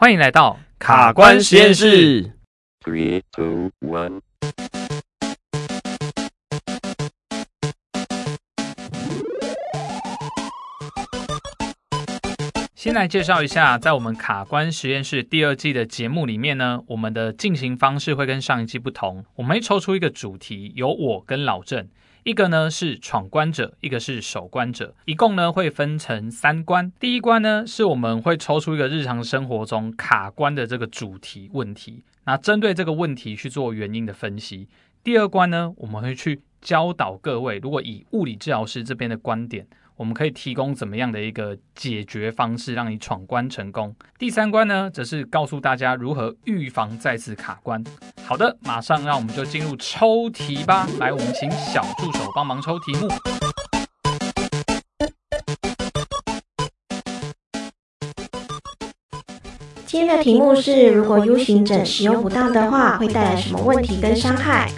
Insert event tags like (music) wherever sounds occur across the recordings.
歡迎來到卡關實驗室。Three, two, one. 先來介紹一下，在我們卡關實驗室第二季的節目裡面呢，我們的進行方式會跟上一季不同。我們會抽出一個主題，由我跟老鄭。一個呢是闖關者，一個是守關者，一共呢會分成三關。第一關呢是我們會抽出一個日常生活中卡關的這個主題問題，那針對這個問題去做原因的分析。第二關呢我們會去教導各位，如果以物理治療師這邊的觀點。我們可以提供怎麼樣的一個解決方式，讓你闖關成功？第三關呢，則是告訴大家如何預防再次卡關。好的，馬上讓我們就進入抽題吧。來，我們請小助手幫忙抽題目。今天的題目是：如果 U 型枕使用不當的話，會帶來什麼問題跟傷害？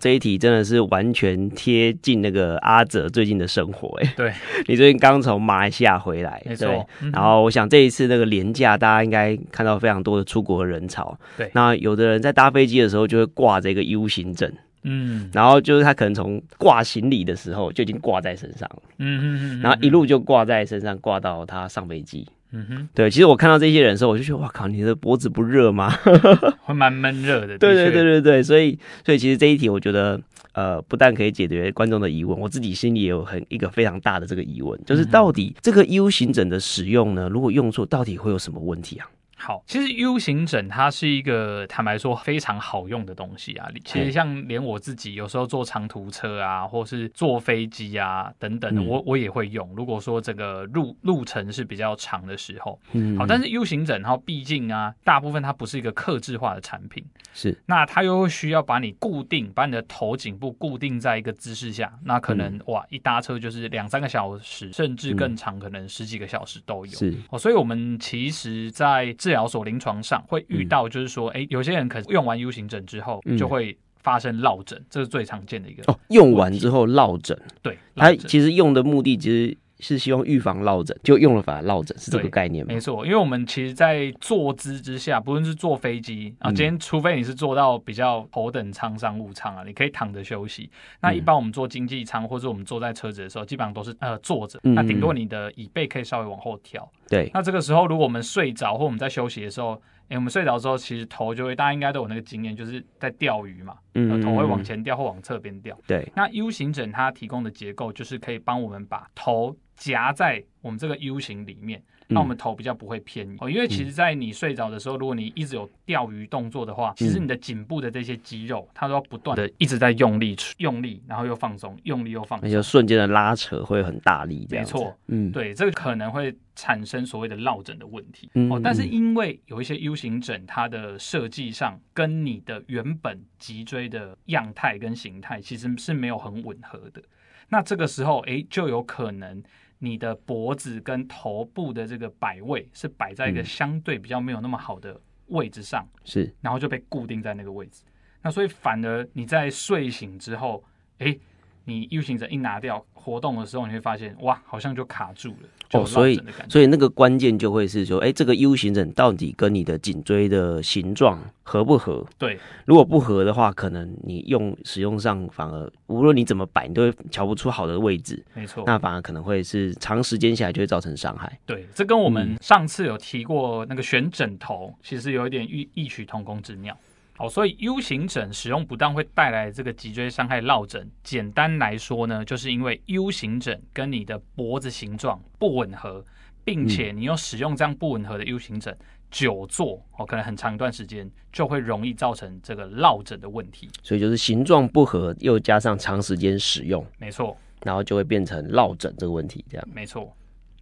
這一題真的是完全貼近那個阿澤最近的生活哎、欸，對 (laughs) 你最近剛從馬來西亞回來，沒錯。對，然後我想這一次那個連假，大家應該看到非常多的出國的人潮。對，那有的人在搭飛機的時候就會掛着一個 U 型枕，嗯，然後就是他可能從掛行李的時候就已經掛在身上，嗯嗯嗯，然後一路就掛在身上，掛到他上飛機。嗯哼，對，其實我看到這些人的時候，我就覺得，哇靠，你的脖子不熱嗎？ (laughs) 會蠻悶熱的。 (laughs) 對對對對對，所以所以其實這一題，我覺得呃，不但可以解決觀眾的疑問，我自己心裡也有很一個非常大的這個疑問，就是到底這個 U 型枕的使用呢，如果用錯，到底會有什麼問題啊？好，其實 U 型枕，它是一個坦白說非常好用的東西啊。其實像連我自己有時候坐長途車啊，或是坐飛機啊等等、嗯，我我也會用。如果說這個路路程是比較長的時候，嗯、好，但是 U 型枕，它畢竟啊，大部分它不是一個客製化的產品，是。那它又需要把你固定，把你的頭頸部固定在一個姿勢下，那可能、嗯、哇，一搭車就是兩三個小時，甚至更長，可能十幾個小時都有。是，哦，所以我們其實在。治療所臨床上會遇到，就是說，哎、嗯欸，有些人可能用完 U 型枕之後就會發生落枕，嗯、這是最常見的一個。哦，用完之後落枕。對，它其實用的目的其實是希望預防落枕，就用了反而落枕，是這個概念嗎？沒錯，因為我們其實，在坐姿之下，不論是坐飛機、嗯、啊，今天除非你是坐到比較頭等艙商務艙啊，你可以躺着休息。那一般我們坐經濟艙或者我們坐在車子的時候，嗯、基本上都是呃坐着、嗯，那頂多你的椅背可以稍微往後調。對，那這個時候如果我們睡着或我們在休息的時候，誒、欸，我們睡着的時候，其實頭就會，大家應該都有那個經驗，就是在釣魚嘛，嗯，頭會往前掉或往側邊掉。對，那 U 型枕它提供的結構就是可以幫我們把頭夾在我們這個 U 型裡面。嗯、那我們頭比較不會偏移哦，因為其實，在你睡着的時候、嗯，如果你一直有釣魚動作的話、嗯，其實你的頸部的這些肌肉，它都要不斷的一直在用力、嗯、用力，然後又放鬆，用力又放鬆，那些瞬間的拉扯會很大力這樣子，沒錯，嗯，對，這個可能會產生所謂的落枕的問題、嗯、哦。但是因為有一些 U 型枕，它的設計上跟你的原本脊椎的樣態跟形態其實是沒有很吻合的，那這個時候，哎，就有可能。你的脖子跟頭部的這個擺位是擺在一個相對比較沒有那麼好的位置上，嗯，是，然後就被固定在那個位置。那所以反而你在睡醒之後，誒，你 U 型枕一拿掉。活動的時候，你會發現哇，好像就卡住了。哦，所以所以那個關鍵就會是說，哎、欸，這個 U 型枕到底跟你的頸椎的形狀合不合？對，如果不合的話，可能你用使用上反而無論你怎麼擺，你都會瞧不出好的位置。沒錯，那反而可能會是長時間下來就會造成傷害。對，這跟我們上次有提過那個選枕頭，嗯、其實有一點異異曲同工之妙。好，所以 U 型枕使用不當會帶來這個脊椎傷害、落枕。簡單來說呢，就是因為 U 型枕跟你的脖子形狀不吻合，並且你又使用這樣不吻合的 U 型枕、嗯、久坐，哦，可能很長一段時間就會容易造成這個落枕的問題。所以就是形狀不合，又加上長時間使用，沒錯，然後就會變成落枕這個問題，這樣。沒錯。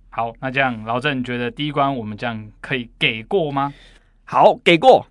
好，那這樣老鄭你覺得第一關我們這樣可以給過嗎？好，給過。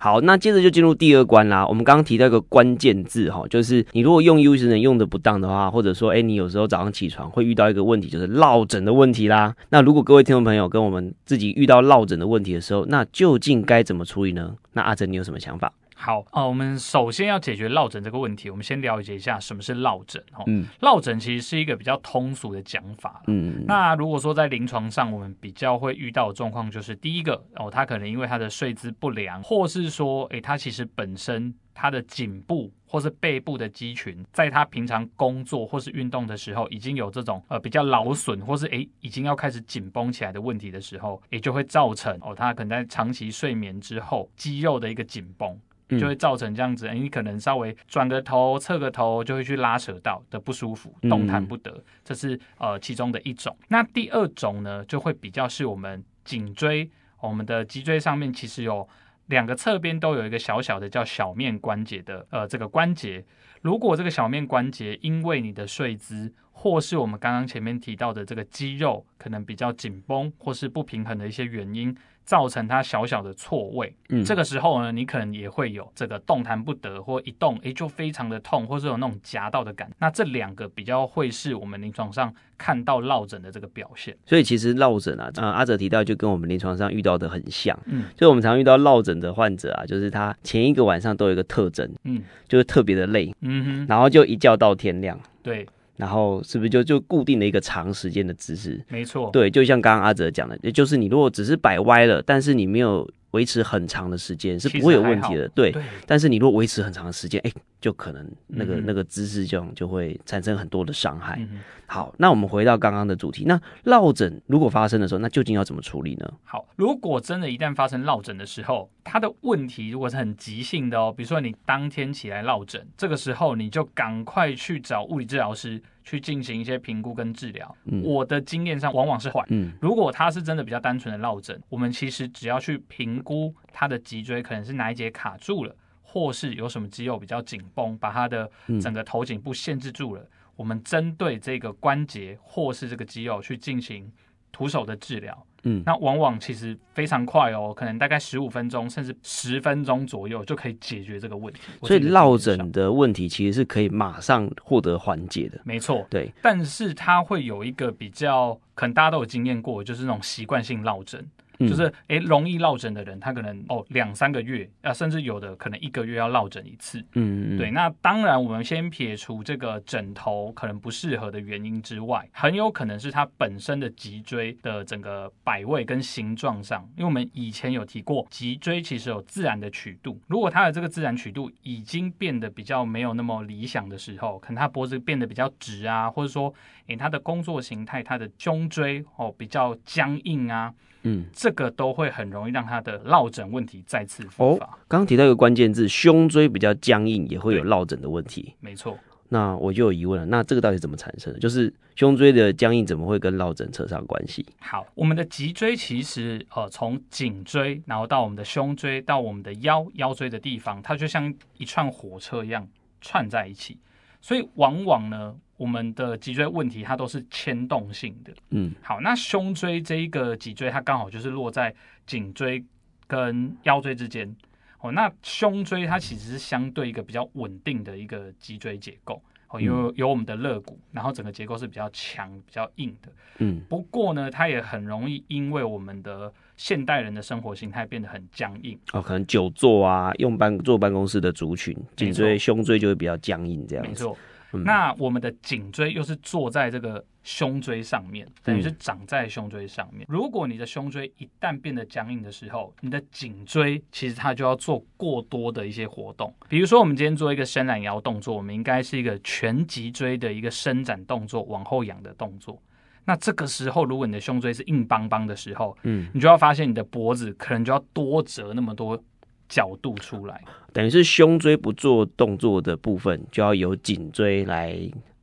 好，那接着就進入第二關啦。我們剛剛提到一個關鍵字哈、哦，就是你如果用 U 型枕用得不當的話，或者說，哎，你有時候早上起床會遇到一個問題，就是落枕的問題啦。那如果各位聽眾朋友跟我們自己遇到落枕的問題的時候，那究竟該怎麼處理呢？那阿澤你有什麼想法？好啊、呃，我們首先要解決落枕這個問題。我們先了解一下什麼是落枕哦。嗯。落枕其實是一個比較通俗的講法。嗯，嗯，嗯。那如果說在臨床上，我們比較會遇到的狀況就是，第一個哦，他可能因為他的睡姿不良，或是說，哎、欸，他其實本身他的頸部或是背部的肌群，在他平常工作或是運動的時候，已經有這種呃比較勞損，或是哎、欸、已經要開始緊繃起來的問題的時候，也、欸、就會造成哦，他可能在長期睡眠之後，肌肉的一個緊繃。就會造成這樣子，嗯，你可能稍微轉個頭，側個頭，就會去拉扯到的不舒服，動彈不得。嗯、這是呃其中的一種。那第二種呢，就會比較是我們頸椎，我們的脊椎上面其實有兩個側邊都有一個小小的叫小面關節的呃這個關節。如果這個小面關節因為你的睡姿，或是我們剛剛前面提到的這個肌肉可能比較緊繃，或是不平衡的一些原因，造成它小小的錯位。嗯，這個時候呢，你可能也會有這個動彈不得，或一動，哎，就非常的痛，或是有那種夾到的感覺。那這兩個比較會是我們臨床上看到落枕的這個表現。所以其實落枕啊，嗯，阿哲提到就跟我們臨床上遇到的很像。嗯，就我們常遇到落枕的患者啊，就是他前一個晚上都有一個特徵，嗯，就是特別的累，嗯哼，然後就一覺到天亮。對。然後是不是就就固定了一個長時間的姿勢？沒錯，對，就像剛剛阿澤講的，也就是你如果只是擺歪了，但是你沒有。維持很長的時間是不會有問題的，對，對。但是你如果維持很長的時間，哎、欸，就可能那個、嗯、那個姿勢就，就會產生很多的傷害、嗯。好，那我們回到剛剛的主題，那落枕如果發生的時候，那究竟要怎麼處理呢？好，如果真的一旦發生落枕的時候，它的問題如果是很急性的哦，比如說你當天起來落枕，這個時候你就趕快去找物理治療師。去進行一些評估跟治療。嗯，我的經驗上往往是緩。如果他是真的比較單純的落枕，嗯，我們其實只要去評估他的脊椎，可能是哪一節卡住了，或是有什麼肌肉比較緊繃，把他的整個頭頸部限制住了，嗯，我們針對這個關節或是這個肌肉去進行徒手的治療。嗯，那往往其實非常快哦，可能大概十五分鐘甚至十分鐘左右就可以解決這個問題。所以，落枕的問題其實是可以馬上獲得緩解的。沒錯，對，但是它會有一個比較，可能大家都有經驗過，就是那種習慣性落枕。就是哎，容易落枕的人，他可能哦，兩三個月啊，甚至有的可能一個月要落枕一次。嗯，嗯，嗯。對，那當然我們先撇除這個枕頭可能不適合的原因之外，很有可能是他本身的脊椎的整個擺位跟形狀上。因為我們以前有提過，脊椎其實有自然的曲度。如果他的這個自然曲度已經變得比較沒有那麼理想的時候，可能他脖子變得比較直啊，或者說哎，他的工作形態，他的胸椎哦比較僵硬啊，嗯。這個都會很容易讓他的落枕問題再次復發。哦，剛剛提到一個關鍵字，胸椎比較僵硬也會有落枕的問題。沒錯。那我就有疑問了，那這個到底怎麼產生的？就是胸椎的僵硬怎麼會跟落枕扯上關係？好，我們的脊椎其實呃從頸椎，然後到我們的胸椎，到我們的腰腰椎的地方，它就像一串火車一樣串在一起。所以往往呢，我們的脊椎問題它都是牽動性的。嗯，好，那胸椎這一個脊椎，它剛好就是落在頸椎跟腰椎之間。哦，那胸椎它其實是相對一個比較穩定的一個脊椎結構。哦，有有我們的肋骨，然後整個結構是比較強、比較硬的。嗯，不過呢，它也很容易因為我們的現代人的生活形態變得很僵硬哦，可能久坐啊，用辦坐辦公室的族群，頸椎、胸椎就會比較僵硬，這樣子沒錯、嗯。那我們的頸椎又是坐在這個胸椎上面，等於是，是長在胸椎上面，嗯。如果你的胸椎一旦變得僵硬的時候，你的頸椎其實它就要做過多的一些活動。比如說，我們今天做一個伸懶腰動作，我們應該是一個全脊椎的一個伸展動作，往後仰的動作。那這個時候，如果你的胸椎是硬邦邦的時候，嗯，你就要發現你的脖子可能就要多折那麼多角度出來，等於是胸椎不做動作的部分，就要由頸椎來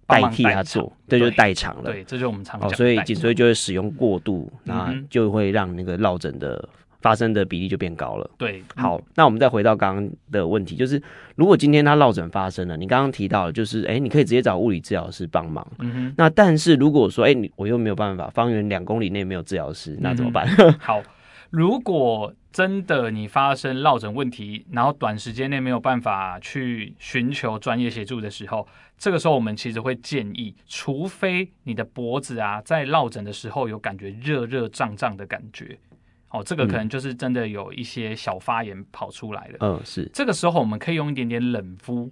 代替它做，這就是代償了。對，這就是我們常講的。哦，所以頸椎就會使用過度，那、嗯、就會讓那個落枕的。發生的比例就變高了。對，好，那我們再回到剛剛的問題，就是如果今天他落枕發生了，你剛剛提到就是哎、欸，你可以直接找物理治療師幫忙。嗯哼。那但是如果說哎，你、欸、我又沒有辦法，方圓兩公里內沒有治療師，那怎麼辦、嗯？好，如果真的你發生落枕問題，然後短時間內沒有辦法去尋求專業協助的時候，這個時候我們其實會建議，除非你的脖子啊在落枕的時候有感覺熱熱脹脹的感覺。哦，這個可能就是真的有一些小發炎跑出來了。嗯，是。這個時候我們可以用一點點冷敷，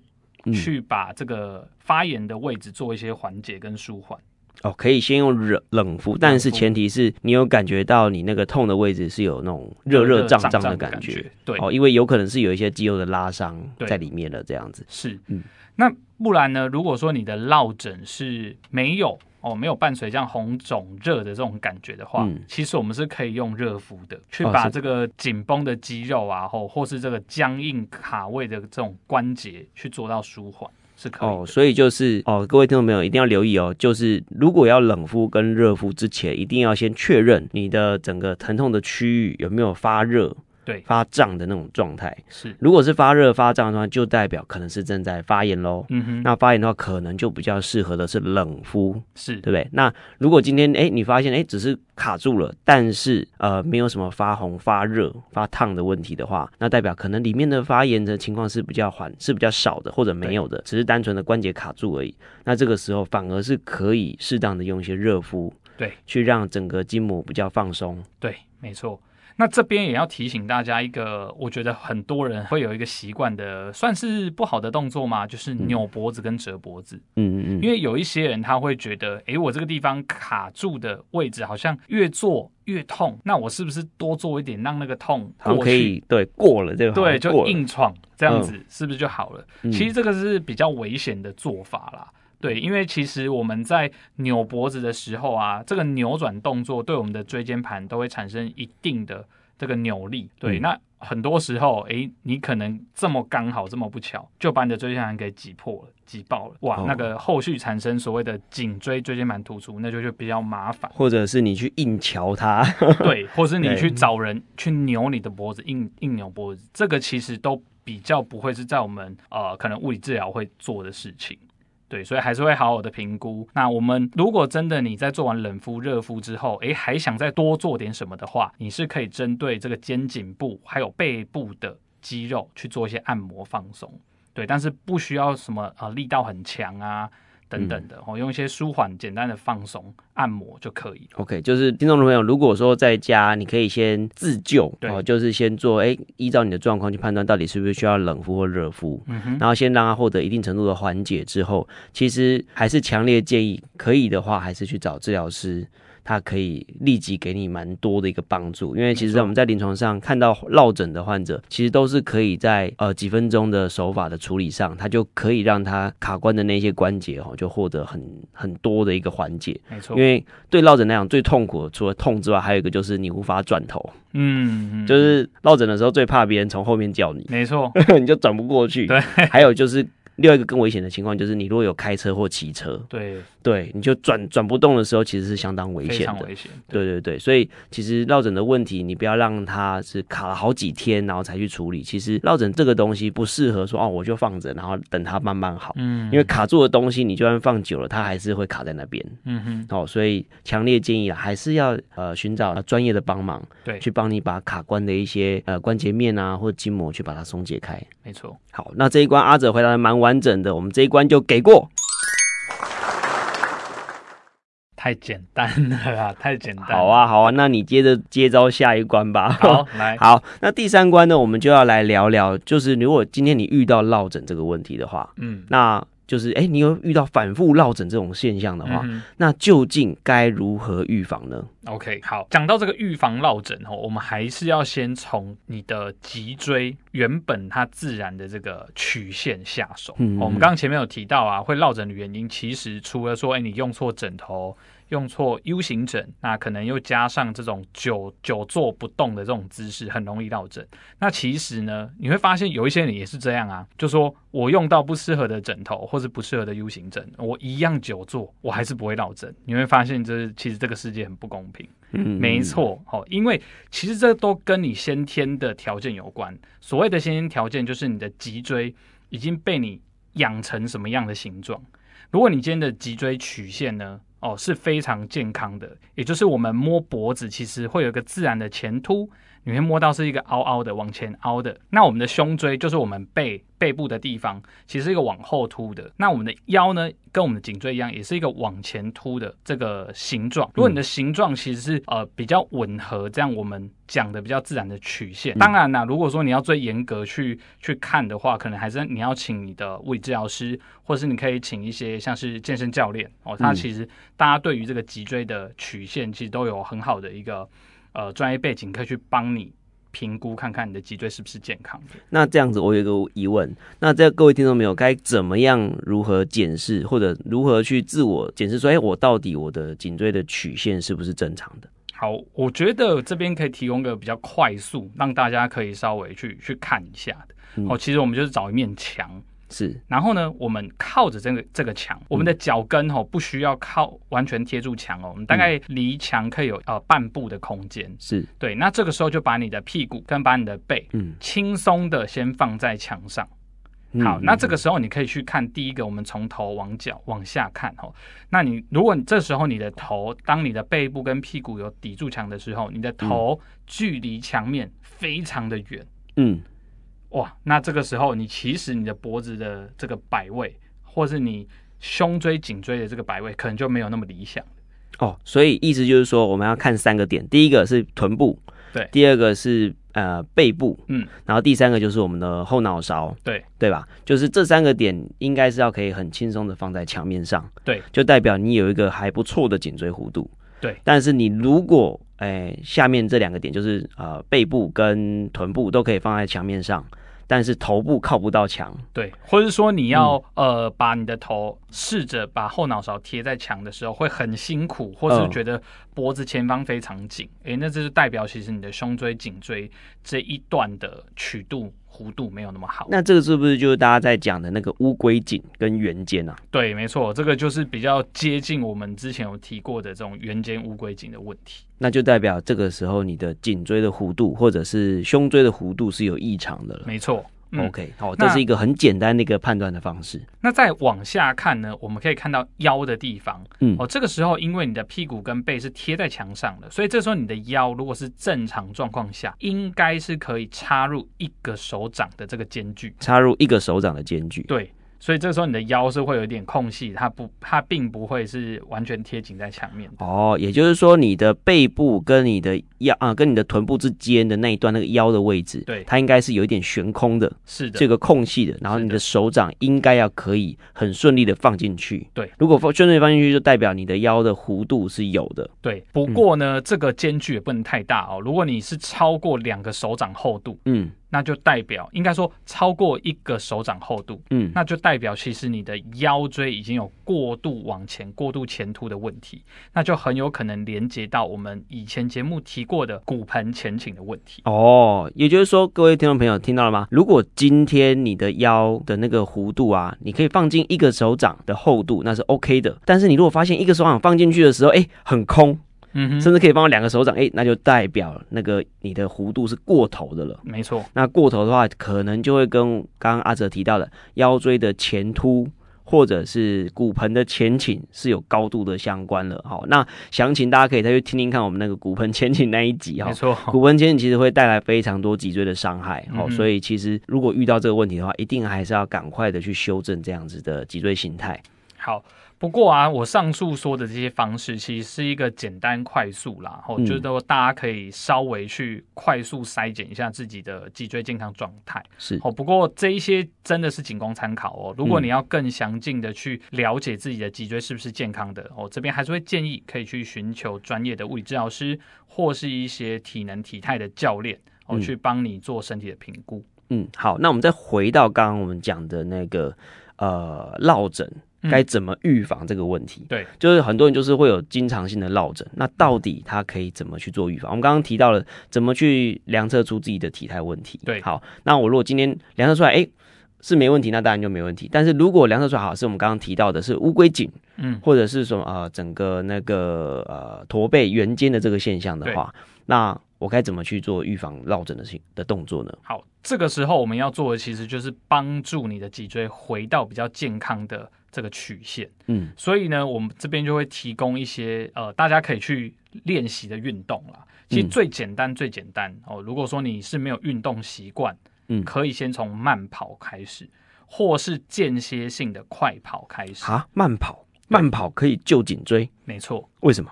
去把這個發炎的位置做一些緩解跟舒緩。哦，可以先用冷敷冷敷，但是前提是你有感覺到你那個痛的位置是有那種熱熱脹脹的感覺。對。哦，因為有可能是有一些肌肉的拉傷在裡面了，這樣子。是。嗯，那不然呢？如果說你的落枕是沒有。哦，沒有伴隨像紅腫熱的這種感覺的話、嗯，其實我們是可以用熱敷的，去把這個緊繃的肌肉啊，或、哦、或是這個僵硬卡位的這種關節，去做到舒緩，是可以的。哦，所以就是哦，各位聽眾朋友一定要留意哦，就是如果要冷敷跟熱敷之前，一定要先確認你的整個疼痛的區域有沒有發熱。對發脹的那種狀態是，如果是發熱發脹的話，就代表可能是正在發炎嘍。嗯哼，那發炎的話，可能就比較適合的是冷敷，是對不對？那如果今天哎你發現哎只是卡住了，但是呃沒有什麼發紅、發熱、發燙的問題的話，那代表可能裡面的發炎的情況是比較緩，是比較少的或者沒有的，只是單純的關節卡住而已。那這個時候反而是可以適當的用一些熱敷，對，去讓整個筋膜比較放鬆。對，沒錯。那這邊也要提醒大家一個，我覺得很多人會有一個習慣的，算是不好的動作嘛，就是扭脖子跟折脖子。嗯嗯，嗯，因為有一些人他會覺得，哎、欸，我這個地方卡住的位置好像越做越痛，那我是不是多做一點，讓那個痛可以、okay, 對過了就、這個、對就硬闖這樣子，是不是就好了、嗯嗯？其實這個是比較危險的做法啦。對，因為其實我們在扭脖子的時候啊，這個扭轉動作對我們的椎間盤都會產生一定的這個扭力。對，嗯、那很多時候，誒、欸，你可能這麼剛好這麼不巧，就把你的椎間盤給擠破了，擠爆了。哇、哦，那個後續產生所謂的頸椎椎間盤突出，那就就比較麻煩。或者是你去硬喬它， (laughs) 對，或是你去找人去扭你的脖子，硬硬扭脖子，這個其實都比較不會是在我們呃可能物理治療會做的事情。對，所以還是會好好的評估。那我們如果真的你在做完冷敷、熱敷之後，誒，還想再多做點什麼的話，你是可以針對這個肩頸部還有背部的肌肉去做一些按摩放鬆。對，但是不需要什麼呃，力道很強啊。等等的哦、嗯，用一些舒緩、簡單的放鬆按摩就可以。OK，就是聽眾朋友，如果說在家，你可以先自救哦，就是先做誒、欸，依照你的狀況去判斷到底是不是需要冷敷或熱敷、嗯哼，然後先讓它獲得一定程度的緩解之後，其實還是強烈建議，可以的話還是去找治療師。他可以立即給你蠻多的一個幫助，因為其實在我們在臨床上看到落枕的患者，其實都是可以在呃幾分鐘的手法的處理上，他就可以讓他卡關的那些關節哈、哦，就獲得很很多的一個緩解。沒錯，因為對落枕來講，最痛苦的除了痛之外，還有一個就是你無法轉頭。嗯，嗯，就是落枕的時候最怕別人從後面叫你，沒錯， (laughs) 你就轉不過去。對，還有就是。另外一個更危險的情況就是，你如果有開車或騎車，對對，你就轉轉不動的時候，其實是相當危險的。非常危險，對。對對對，所以其實落枕的問題，你不要讓它是卡了好幾天，然後才去處理。其實落枕這個東西不適合說哦，我就放着，然後等它慢慢好。嗯，因為卡住的東西，你就算放久了，它還是會卡在那邊。嗯哼。好、哦，所以強烈建議啊，還是要呃尋找呃專業的幫忙，對，去幫你把卡關的一些呃關節面啊，或筋膜去把它鬆解開。沒錯。好，那這一關阿澤回答的蠻完整的，我們這一關就給過。太簡單了，太簡單了。好啊，好啊，那你接着接招下一關吧。好，來，好，那第三關呢，我們就要來聊聊，就是如果今天你遇到落枕這個問題的話，嗯，那。就是哎、欸，你有遇到反覆落枕這種現象的話，嗯、那究竟該如何預防呢？OK，好，講到這個預防落枕哦，我們還是要先從你的脊椎原本它自然的這個曲線下手。嗯、我們剛前面有提到啊，會落枕的原因，其實除了說哎、欸，你用錯枕頭。用錯 U 型枕，那可能又加上這種久久坐不動的這種姿勢，很容易落枕。那其實呢，你會發現有一些人也是這樣啊，就說我用到不適合的枕頭，或是不適合的 U 型枕，我一樣久坐，我還是不會落枕。你會發現這，這其實這個世界很不公平。嗯，沒錯，好、哦，因為其實這都跟你先天的條件有關。所謂的先天條件，就是你的脊椎已經被你養成什麼樣的形狀。如果你今天的脊椎曲線呢？哦，是非常健康的，也就是我們摸脖子，其實會有一個自然的前凸。你會摸到是一個凹凹的，往前凹的。那我們的胸椎就是我們背背部的地方，其實是一個往後凸的。那我們的腰呢，跟我們的頸椎一樣，也是一個往前凸的這個形狀。如果你的形狀其實是、嗯、呃比較吻合，這樣我們講的比較自然的曲線、嗯。當然啦，如果說你要最嚴格去去看的話，可能還是你要請你的物理治療師，或是你可以請一些像是健身教練哦、喔，他其實大家對於這個脊椎的曲線其實都有很好的一個。呃，專業背景可以去幫你評估，看看你的脊椎是不是健康的。那這樣子，我有一個疑問。那在各位聽眾朋友，該怎麼樣如何檢視，或者如何去自我檢視說，哎，我到底我的頸椎的曲線是不是正常的？好，我覺得這邊可以提供個比較快速，讓大家可以稍微去去看一下的。哦，其實我們就是找一面牆。嗯是，然後呢，我們靠着這個這個牆，我們的腳跟吼、哦嗯、不需要靠完全貼住牆哦，我們大概離牆可以有、嗯、呃半步的空間。是對，那這個時候就把你的屁股跟把你的背嗯輕鬆的先放在牆上。嗯、好、嗯，那這個時候你可以去看第一個，我們從頭往腳往下看哦。那你如果你這時候你的頭，當你的背部跟屁股有抵住牆的時候，你的頭距離牆面非常的遠。嗯。嗯哇，那這個時候你其實你的脖子的這個擺位，或是你胸椎、頸椎的這個擺位，可能就沒有那麼理想哦，所以意思就是說，我們要看三個點，第一個是臀部，對；第二個是呃背部，嗯；然後第三個就是我們的後腦勺，對，對吧？就是這三個點應該是要可以很輕鬆的放在牆面上，對，就代表你有一個還不錯的頸椎弧度，對。但是你如果哎、呃、下面這兩個點，就是呃背部跟臀部都可以放在牆面上。但是頭部靠不到牆，對，或者說你要、嗯、呃把你的頭試着把後腦勺貼在牆的時候，會很辛苦，或是覺得脖子前方非常緊，誒、呃欸，那這是代表其實你的胸椎、頸椎這一段的曲度。弧度沒有那麼好，那這個是不是就是大家在講的那個烏龜頸跟圓肩啊？對，沒錯，這個就是比較接近我們之前有提過的這種圓肩烏龜頸的問題。那就代表這個時候你的頸椎的弧度或者是胸椎的弧度是有異常的了。沒錯。OK，嗯，好，這是一個很簡單的一個判斷的方式。那再往下看呢，我們可以看到腰的地方。嗯，哦，這個時候因為你的屁股跟背是貼在牆上的，所以這時候你的腰如果是正常狀況下，應該是可以插入一個手掌的這個間距。插入一個手掌的間距。對。所以這時候你的腰是會有一點空隙，它不，它並不會是完全貼緊在牆面。哦，也就是說你的背部跟你的腰啊，跟你的臀部之間的那一段那個腰的位置，對，它應該是有一點懸空的，是的，這個空隙的。然後你的手掌應該要可以很順利的放進去。對，如果順順放順利放進去，就代表你的腰的弧度是有的。對，不過呢，嗯、這個間距也不能太大哦。如果你是超過兩個手掌厚度，嗯。那就代表應該說超過一個手掌厚度，嗯，那就代表其實你的腰椎已經有過度往前，過度前凸的問題，那就很有可能連接到我們以前節目提過的骨盆前傾的問題。哦，也就是說，各位聽眾朋友聽到了嗎？如果今天你的腰的那個弧度啊，你可以放進一個手掌的厚度，那是 OK 的。但是你如果發現一個手掌放進去的時候，哎、欸，很空。甚至可以幫我兩個手掌，哎、欸，那就代表那個你的弧度是過頭的了。沒錯，那過頭的話，可能就會跟剛剛阿澤提到的腰椎的前凸或者是骨盆的前傾是有高度的相關了。好、哦，那詳情大家可以再去聽聽看我們那個骨盆前傾那一集哈。沒錯，骨盆前傾其實會帶來非常多脊椎的傷害。好、嗯哦，所以其實如果遇到這個問題的話，一定還是要趕快的去修正這樣子的脊椎形態。好。不過啊，我上述說的這些方式其實是一個簡單快速啦，吼、嗯，覺、就、得、是、大家可以稍微去快速篩檢一下自己的脊椎健康狀態，是哦。不過這一些真的是僅供參考哦。如果你要更詳盡的去了解自己的脊椎是不是健康的，我、嗯哦、這邊還是會建議可以去尋求專業的物理治療師或是一些體能體態的教練，哦、嗯，去幫你做身體的評估。嗯，好，那我們再回到剛剛我們講的那個呃，落枕。該怎麼預防這個問題？嗯，對，就是很多人就是會有經常性的落枕。那到底他可以怎麼去做預防？我們剛剛提到了怎麼去量測出自己的體態問題。對，好，那我如果今天量測出來，誒是沒問題，那當然就沒問題。但是如果量測出來好是我們剛剛提到的是烏龜頸，嗯，或者是什麼呃整個那個呃駝背圓肩的這個現象的話，那我該怎麼去做預防落枕的性的動作呢？好，這個時候我們要做的其實就是幫助你的脊椎回到比較健康的。這個曲線，嗯，所以呢，我們這邊就會提供一些，呃，大家可以去練習的運動啦。其實最簡單，最簡單哦。如果說你是沒有運動習慣，嗯，可以先從慢跑開始，或是間歇性的快跑開始哈，慢跑，慢跑可以救頸椎，沒錯。為什麼？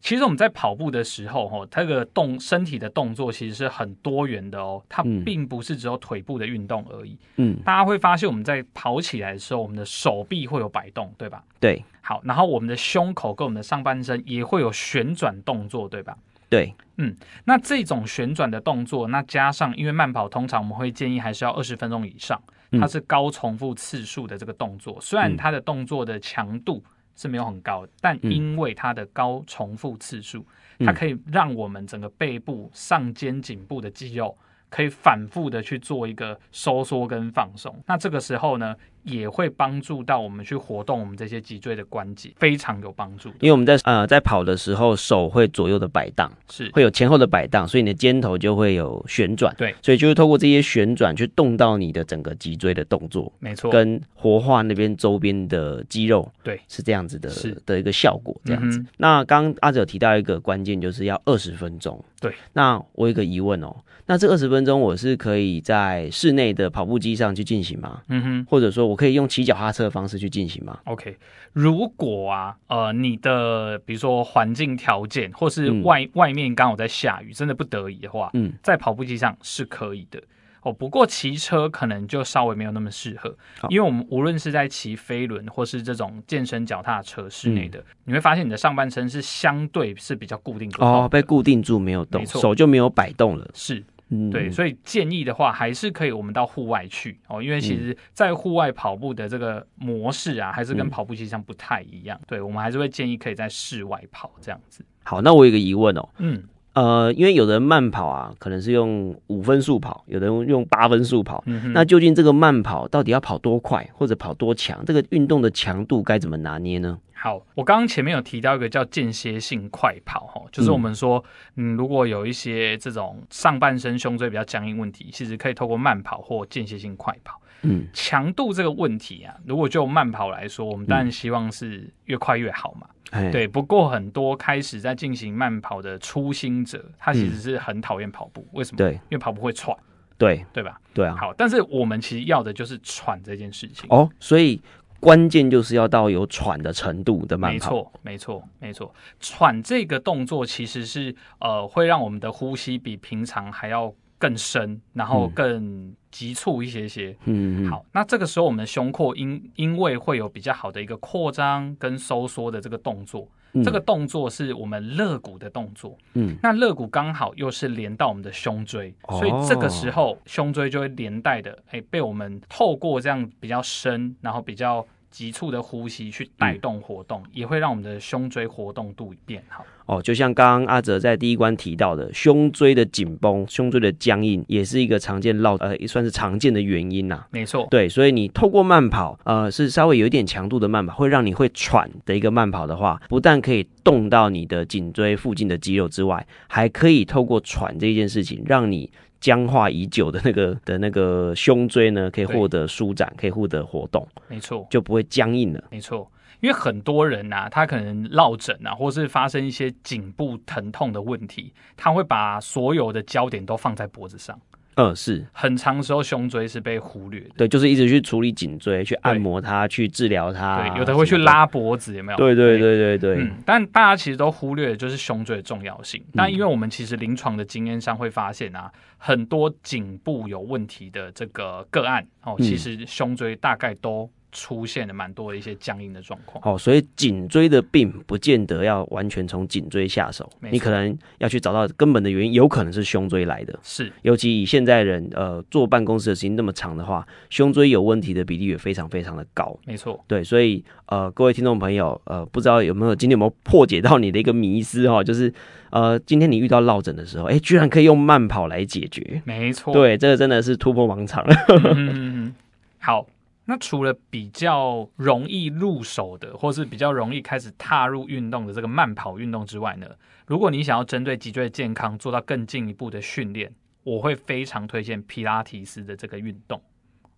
其實我們在跑步的時候，吼，它這個動身體的動作其實是很多元的哦，它並不是只有腿部的運動而已。嗯，大家會發現我們在跑起來的時候，我們的手臂會有擺動，對吧？對。好，然後我們的胸口跟我們的上半身也會有旋轉動作，對吧？對。嗯，那這種旋轉的動作，那加上因為慢跑通常我們會建議還是要二十分鐘以上，它是高重複次數的這個動作，嗯、雖然它的動作的強度，是沒有很高的，但因為它的高重複次數，嗯，它可以讓我們整個背部、上肩、頸部的肌肉可以反覆的去做一個收縮跟放鬆。那這個時候呢？也會幫助到我們去活動我們這些脊椎的關節，非常有幫助。因為我們在呃在跑的時候，手會左右的擺盪，是會有前後的擺盪，所以你的肩頭就會有旋轉。對，所以就是透過這些旋轉去動到你的整個脊椎的動作，沒錯，跟活化那邊周邊的肌肉，對，是這樣子的，是的一個效果，這樣子。嗯、那剛剛阿澤有提到一個關鍵，就是要二十分鐘。對。那我有個疑問哦，那這二十分鐘我是可以在室內的跑步機上去進行嗎？嗯哼，或者說。我可以用騎腳踏車的方式去進行嗎？OK，如果啊，呃，你的比如說環境條件，或是外、嗯、外面剛好在下雨，真的不得已的話，嗯，在跑步機上是可以的哦。不過騎車可能就稍微沒有那麼適合，因為我們無論是在騎飛輪，或是這種健身腳踏車室內的、嗯，你會發現你的上半身是相對是比較固定的，的哦，被固定住沒有動，手就沒有擺動了，是。嗯、對，所以建議的話還是可以，我們到戶外去哦，因為其實在戶外跑步的這個模式啊，還是跟跑步機上不太一樣、嗯。對，我們還是會建議可以在室外跑這樣子。好，那我有一個疑問哦，嗯，呃，因為有的人慢跑啊，可能是用五分速跑，有的人用八分速跑、嗯哼，那究竟這個慢跑到底要跑多快，或者跑多強，這個運動的強度該怎麼拿捏呢？好，我剛剛前面有提到一個叫間歇性快跑，哈，就是我們說嗯，嗯，如果有一些這種上半身胸椎比較僵硬問題，其實可以透過慢跑或間歇性快跑。嗯，強度這個問題啊，如果就慢跑來說，我們當然希望是越快越好嘛。嗯、對，不過很多開始在進行慢跑的初心者，他其實是很討厭跑步，為什麼？對，因為跑步會喘。對，對吧？對啊。好，但是我們其實要的就是喘這件事情。哦，所以。關鍵就是要到有喘的程度的慢沒錯，沒錯，沒錯。喘這個動作其實是呃，會讓我們的呼吸比平常還要更深，然後更急促一些些。嗯，好，那這個時候我們的胸廓因因為會有比較好的一個擴張跟收縮的這個動作。這個動作是我們肋骨的動作，嗯，那肋骨剛好又是連到我們的胸椎，哦，所以這個時候胸椎就會連帶的，哎，被我們透過這樣比較深，然後比較。急促的呼吸去帶動活動，也會讓我們的胸椎活動度變好。哦，就像剛剛阿澤在第一關提到的，胸椎的緊繃、胸椎的僵硬，也是一個常見老呃，也算是常見的原因吶、啊。沒錯，對，所以你透過慢跑，呃，是稍微有一點強度的慢跑，會讓你會喘的一個慢跑的話，不但可以動到你的頸椎附近的肌肉之外，還可以透過喘這件事情，讓你。僵化已久的那個的那個胸椎呢，可以獲得舒展，可以獲得活動。沒錯，就不會僵硬了。沒錯，因為很多人啊，他可能落枕啊，或是發生一些頸部疼痛的問題，他會把所有的焦點都放在脖子上。嗯，是，很長時候胸椎是被忽略的，對，就是一直去處理頸椎，去按摩它，去治療它，對，有的會去拉脖子，有沒有？對對對對對，對，對。嗯，但大家其實都忽略的，就是胸椎的重要性。那因為我們其實臨床的經驗上會發現啊，嗯、很多頸部有問題的這個個案哦、喔，其實胸椎大概都，出現了蠻多的一些僵硬的狀況，哦，所以頸椎的病不見得要完全從頸椎下手，你可能要去找到根本的原因，有可能是胸椎來的，是，尤其以現在人呃坐辦公室的時間那麼長的話，胸椎有問題的比例也非常非常的高，沒錯，對，所以呃各位聽眾朋友，呃不知道有沒有今天有沒有破解到你的一個迷思哈，就是呃今天你遇到落枕的時候，哎、欸、居然可以用慢跑來解決，沒錯，對，這個真的是突破盲腸，嗯嗯嗯嗯， (laughs) 好。那除了比較容易入手的，或是比較容易開始踏入運動的這個慢跑運動之外呢，如果你想要針對脊椎健康做到更進一步的訓練，我會非常推薦皮拉提斯的這個運動。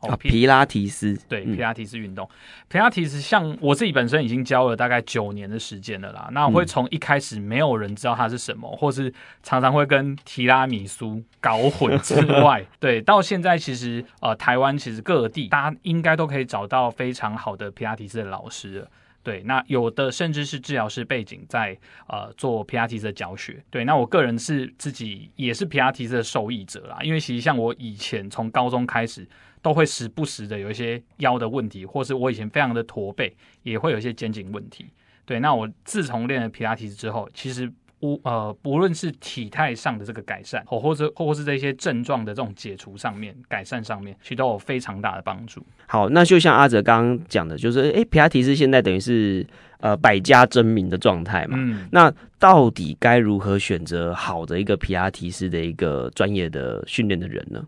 哦、皮拉提斯對，皮拉提斯運動，皮拉提斯、嗯、皮拉提斯像我自己本身已經教了大概九年的時間了啦。那我會從一開始沒有人知道它是什麼、嗯，或是常常會跟提拉米蘇搞混之外， (laughs) 對，到現在其實呃，台灣其實各地大家應該都可以找到非常好的皮拉提斯的老師了。對，那有的甚至是治療師背景在呃做皮拉提斯的教學。對，那我個人是自己也是皮拉提斯的受益者啦，因為其實像我以前從高中開始，都會時不時的有一些腰的問題，或是我以前非常的駝背，也會有一些肩頸問題。對，那我自從練了皮拉提斯之後，其實。無呃，不論是體態上的這個改善，或或者，或是這些症狀的這種解除上面，改善上面，其實都有非常大的幫助。好，那就像阿澤剛剛講的，就是哎、欸，皮亞提斯現在等於是呃百家爭鳴的狀態嘛。嗯。那到底該如何選擇好的一個皮亞提斯的一個專業的訓練的人呢？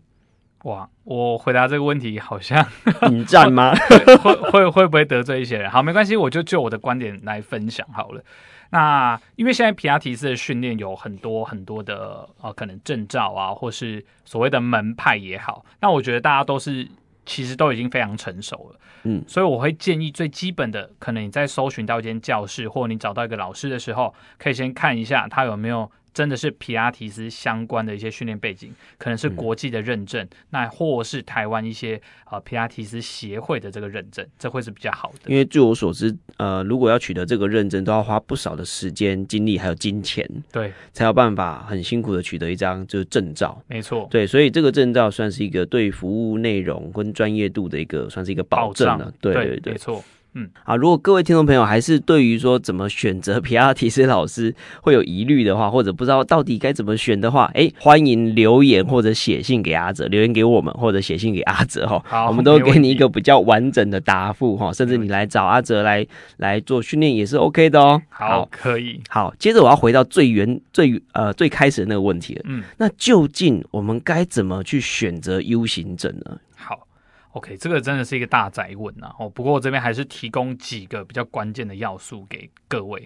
哇，我回答這個問題好像引戰嗎？會 (laughs) 會，會，會不會得罪一些人？好，沒關係，我就就我的觀點來分享好了。那因為現在皮拉提斯的訓練有很多很多的呃可能證照啊，或是所謂的門派也好，那我覺得大家都是其實都已經非常成熟了，嗯，所以我會建議最基本的，可能你在搜尋到一間教室，或你找到一個老師的時候，可以先看一下他有沒有。真的是皮拉提斯相關的一些訓練背景，可能是國際的認證，嗯，那或是台灣一些呃皮拉提斯協會的這個認證，這會是比較好的。因為據我所知，呃，如果要取得這個認證，都要花不少的時間、精力還有金錢，對，才有辦法很辛苦的取得一張就是證照。沒錯，對，所以這個證照算是一個對服務內容跟專業度的一個算是一個保證了。保障。對，對對對，沒錯。嗯好。如果各位聽眾朋友還是對於說怎麼選擇皮拉提斯老師會有疑慮的話，或者不知道到底該怎麼選的話，哎，歡迎留言或者寫信給阿澤，留言給我們或者寫信給阿澤哈，好，我們都會給你一個比較完整的答復哈，甚至你來找阿澤來來做訓練也是 OK 的哦，嗯好。好，可以。好，接着我要回到最原最呃最開始的那個問題了，嗯，那究竟我們該怎麼去選擇 U 型枕呢？OK，這個真的是一個大哉問啊，不過我這邊還是提供幾個比較關鍵的要素給各位。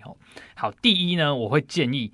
好，第一呢，我會建議，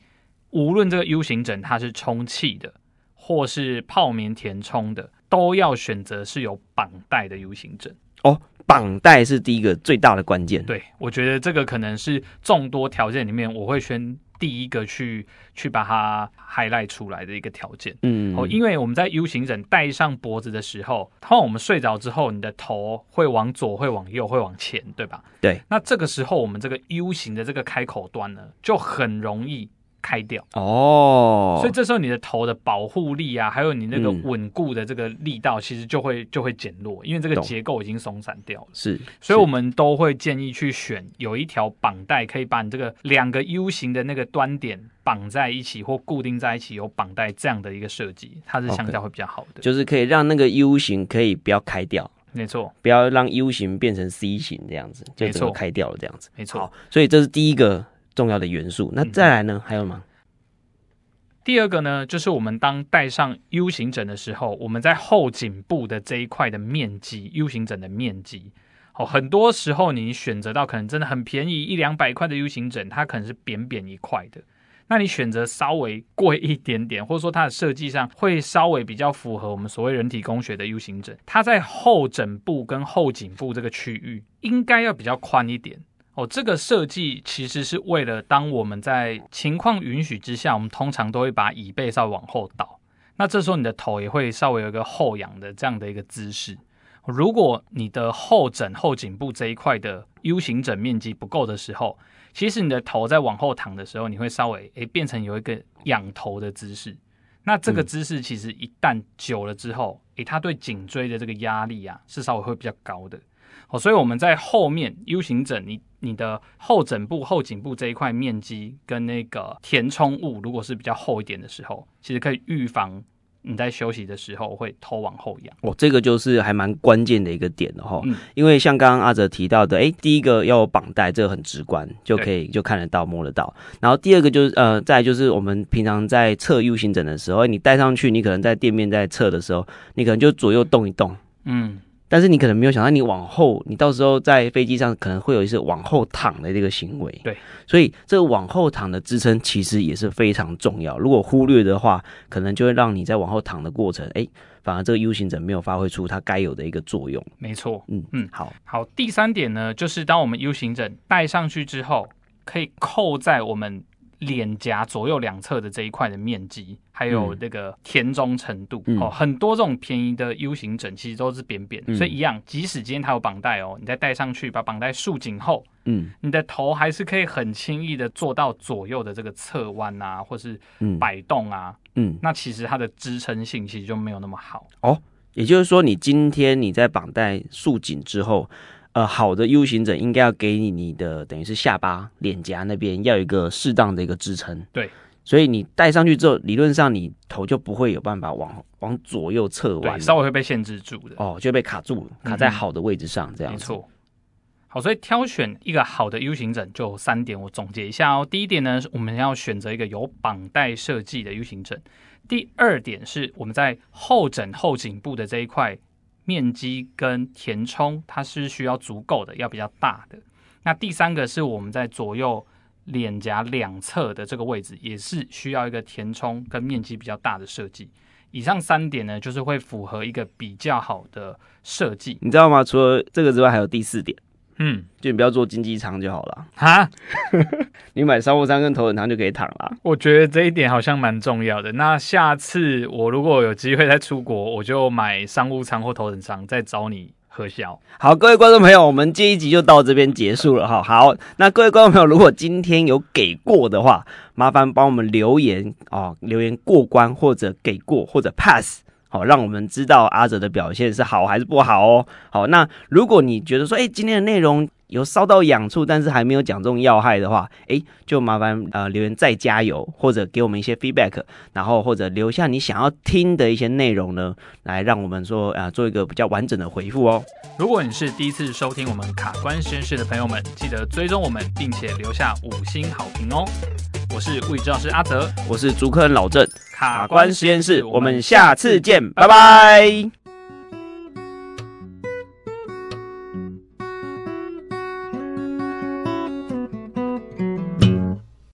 無論這個 U 型枕它是充氣的，或是泡棉填充的，都要選擇是有綁帶的 U 型枕哦。綁帶是第一個最大的關鍵。對，我覺得這個可能是眾多條件裡面，我會選。第一個去去把它 highlight 出來的一個條件，嗯，哦，因為我們在 U 型枕戴上脖子的時候，當我們睡着之後，你的頭會往左，會往右，會往前，對吧？對，那這個時候我們這個 U 型的這個開口端呢，就很容易。開掉哦，oh, 所以這時候你的頭的保護力啊，還有你那個穩固的這個力道，其實就會就會減弱，因為這個結構已經鬆散掉了。是，所以我們都會建議去選有一條綁帶，可以把你這個兩個 U 型的那個端點綁在一起或固定在一起，有綁帶這樣的一個設計，它是相較會比較好的，okay, 就是可以讓那個 U 型可以不要開掉，沒錯，不要讓 U 型變成 C 型這樣子，沒錯，開掉了這樣子，沒錯。好，所以這是第一個。重要的元素，那再來呢，嗯。還有嗎？第二個呢，就是我們當戴上 U 型枕的時候，我們在後頸部的這一塊的面積，U 型枕的面積。哦，很多時候你選擇到可能真的很便宜一兩百塊的 U 型枕，它可能是扁扁一塊的。那你選擇稍微貴一點點，或者說它的設計上會稍微比較符合我們所謂人體工學的 U 型枕，它在後枕部跟後頸部這個區域應該要比較寬一點。哦，這個設計其實是為了當我們在情況允許之下，我們通常都會把椅背稍微往後倒。那這時候你的頭也會稍微有一個後仰的這樣的一個姿勢。如果你的後枕、後頸部這一塊的 U 型枕面積不夠的時候，其實你的頭在往後躺的時候，你會稍微誒、欸、變成有一個仰頭的姿勢。那這個姿勢其實一旦久了之後，誒、欸，它對頸椎的這個壓力啊是稍微會比較高的。哦，所以我們在後面 U 型枕你你的後枕部、後頸部這一塊面積跟那個填充物，如果是比較厚一點的時候，其實可以預防你在休息的時候會頭往後仰。哦，這個就是還蠻關鍵的一個點的、哦、哈、嗯。因為像剛剛阿澤提到的，哎、欸，第一個要綁帶，這個很直觀，就可以就看得到、摸得到。然後第二個就是呃，再來就是我們平常在測 U 型枕的時候，你戴上去，你可能在店面在測的時候，你可能就左右動一動。嗯。但是你可能沒有想到，你往後，你到時候在飛機上可能會有一些往後躺的這個行為。對，所以這個往後躺的支撐其實也是非常重要。如果忽略的話，可能就會讓你在往後躺的過程，哎、欸，反而這個 U 型枕沒有發揮出它該有的一個作用。沒錯，嗯嗯，好嗯。好，第三點呢，就是當我們 U 型枕戴上去之後，可以扣在我們。臉頰左右兩側的這一塊的面積，還有那個填充程度，嗯、哦，很多這種便宜的 U 型枕其實都是扁扁的，嗯、所以一樣，即使今天它有綁帶哦，你再戴上去把綁帶束緊後，嗯，你的頭還是可以很輕易的做到左右的這個側彎啊，或是擺動啊，嗯，嗯，那其實它的支撐性其實就沒有那麼好哦。也就是說，你今天你在綁帶束緊之後。呃，好的 U 型枕應該要給你你的等於是下巴、臉頰那邊要一個適當的一個支撐。對，所以你戴上去之後，理論上你頭就不會有辦法往往左右側彎，稍微會被限制住的。哦，就被卡住了，卡在好的位置上，這樣子。嗯，沒錯。好，所以挑選一個好的 U 型枕就三點，我總結一下哦。第一點呢，我們要選擇一個有綁帶設計的 U 型枕。第二點是我們在後枕後頸部的這一塊。面積跟填充，它是需要足夠的，要比較大的。那第三個是我們在左右臉頰兩側的這個位置，也是需要一個填充跟面積比較大的設計。以上三點呢，就是會符合一個比較好的設計，你知道嗎？除了這個之外，還有第四點。嗯，就你不要坐經濟艙就好了。哈， (laughs) 你買商務艙跟頭等艙就可以躺啦。我覺得這一點好像蠻重要的。那下次我如果有機會再出國，我就買商務艙或頭等艙再找你核銷。好，各位觀眾朋友，我們這一集就到這邊結束了哈。好，那各位觀眾朋友，如果今天有給過的話，麻煩幫我們留言啊、哦，留言過關或者給過或者 pass。好，讓我們知道阿澤的表現是好還是不好哦。好，那如果你覺得說，哎，今天的內容有搔到癢處，但是還沒有講中要害的話，哎，就麻煩呃留言再加油，或者給我們一些 feedback，然後或者留下你想要聽的一些內容呢，來讓我們說啊、呃、做一個比較完整的回復哦。如果你是第一次收聽我們卡關實驗室的朋友們，記得追蹤我們，並且留下五星好評哦。我是物理治療師阿澤，我是竹科老鄭，卡關實驗室，室，我們下次見，拜拜。拜拜。